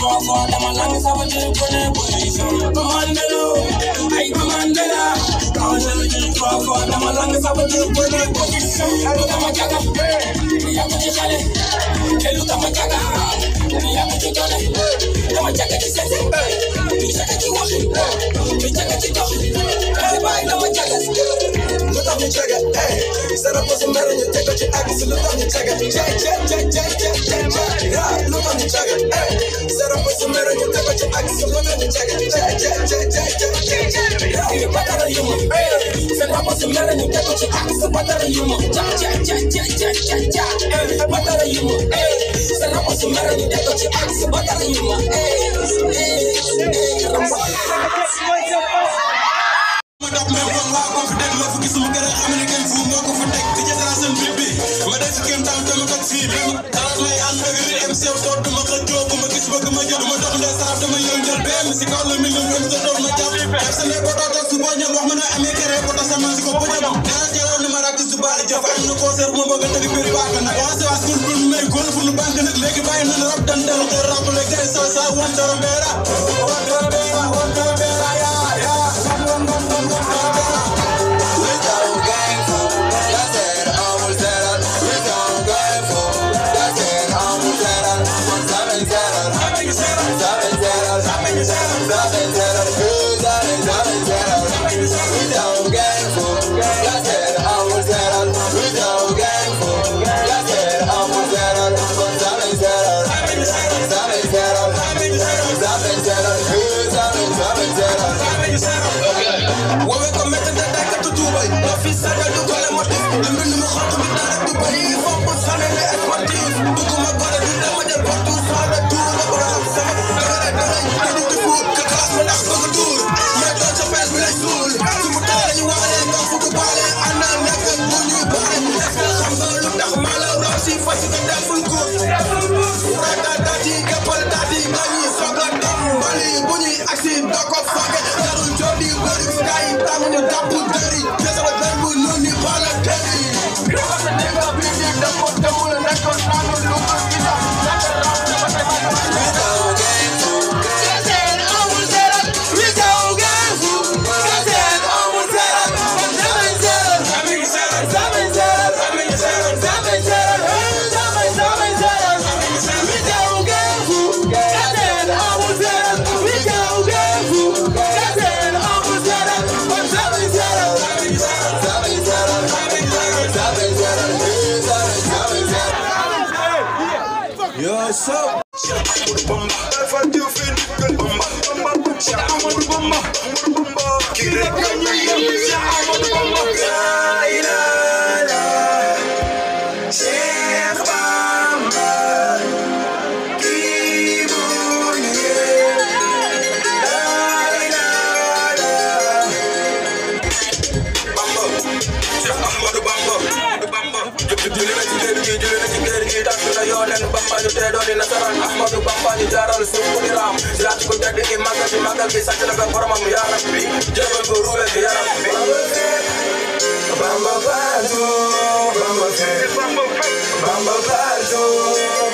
Proper, I'm a long time with you, when I'm with you. Mandela, I am Mandela. Proper, I'm a long time with you, when I'm with you. Hello, I'm a jaga. Yeah, I'm a jaga. Hello, I'm a jaga. Yeah, I'm a jaga. I'm a jaga. This is it. You jaga, you walk it. You jaga, you talk it. Everybody know my jaga. Look up your jaga. Hey, set up what's the matter? You take out your act. Look up your jaga. Jaga, jaga, jaga, jaga, jaga, jaga. Look up your jaga. Hey. Madame, you. va confident, love, kaw le million ñu ko doon ma jàpp def sa lépp doo toog su boo ñëw wax ma ne amee kere boo ko bu ñëw dara jëloon ni ma rakk su baali jëf am na concert bu ma bëgg a tëgg biir baax nag waa si waa school bu may góor fu lu banque nag léegi bàyyi na rab dan dara te rab la gay sa sa wan That's a good So. tirji jirni kerji tasna Bamba Bamba Bamba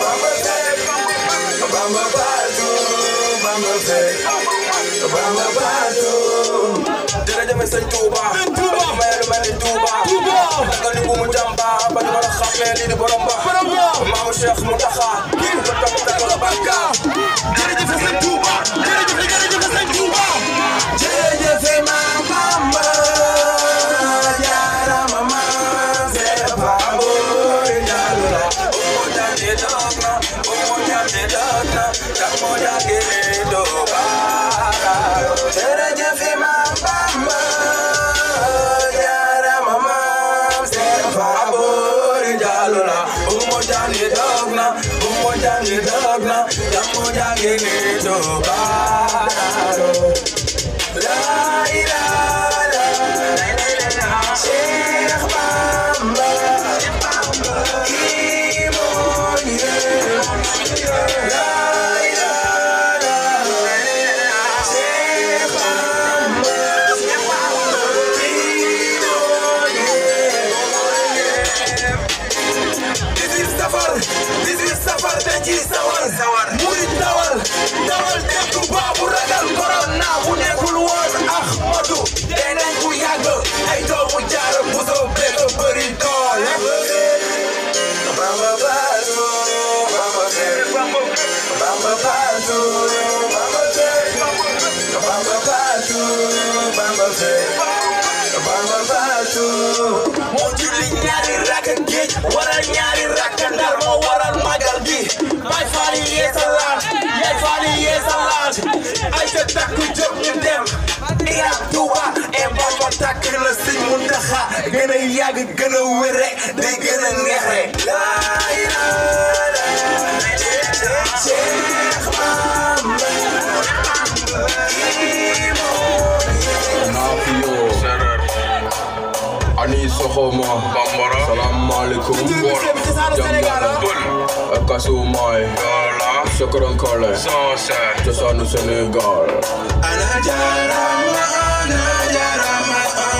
Bamba ne sëñ Touba Touba maye lu mel ni Touba Touba nga ni bu mu jàmba ba ñu war a xàmmee lii di borom ba borom ba maamu Cheikh mu taxa kii ko topp takk la bakka jërëjëf sëñ Touba jërëjëf jërëjëf sëñ Touba dawal murid dawal Bamba Bazo Bamba Xeer Bamba Bazo Bamba Xeer Bamba Bazo Bamba Xeer Ali yees a laal yaay Faly yees a laal i ca takku jóg ñu dem Irak Touba e to takk la Sëñ Muntaxa gën a yàgg gonna wear it. They gonna get it. Nafiyo Ani Soxoma Bambara Salam allikon kasumai Sokoron kale Tässä on Senegal Ana jarama, ana jarama,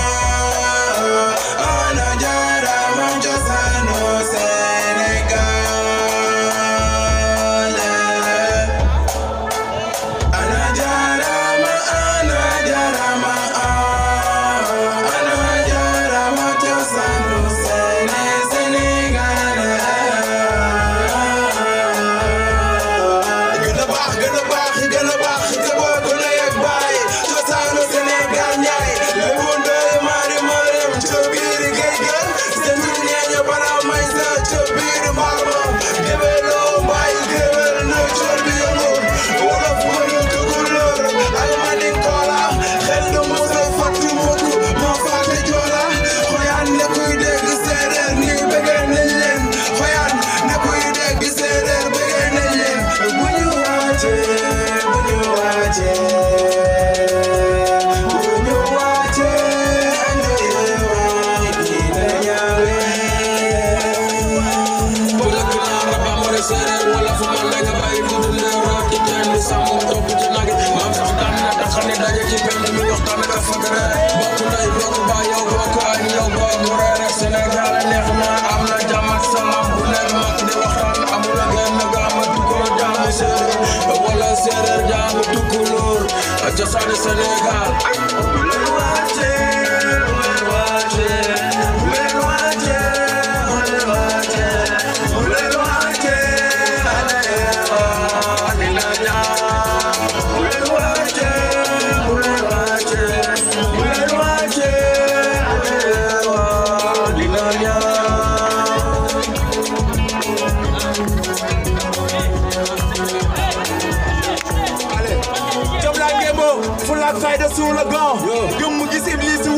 just understand, nigga.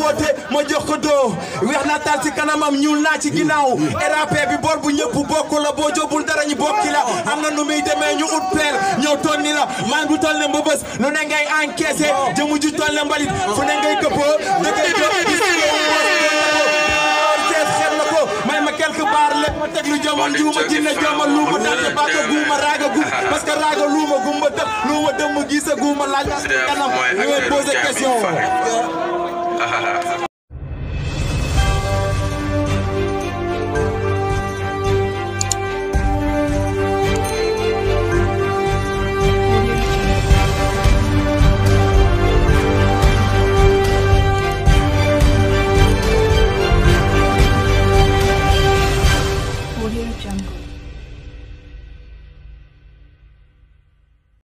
woote ma jox ko doo weex naa taal ci kanamam ñuul laaj ci ginnaaw RAP bi bor bu ñëpp bokk la boo jobul dara ñu bokki la am na nu muy demee ñu ut peer ñëw tonni la man bu toll ne mbëbës lu ne ngay encaissé jëmu ju toll mbalit fu ne ngay këppoo da ngay quelque ma teg lu jamono juuma jinne jooma luuma dante baaka guuma raaga gum parce que raaga luuma gumba dëpp luuma dëmm gisa guuma laaj kanam ñu posé question Ha ha ha ha.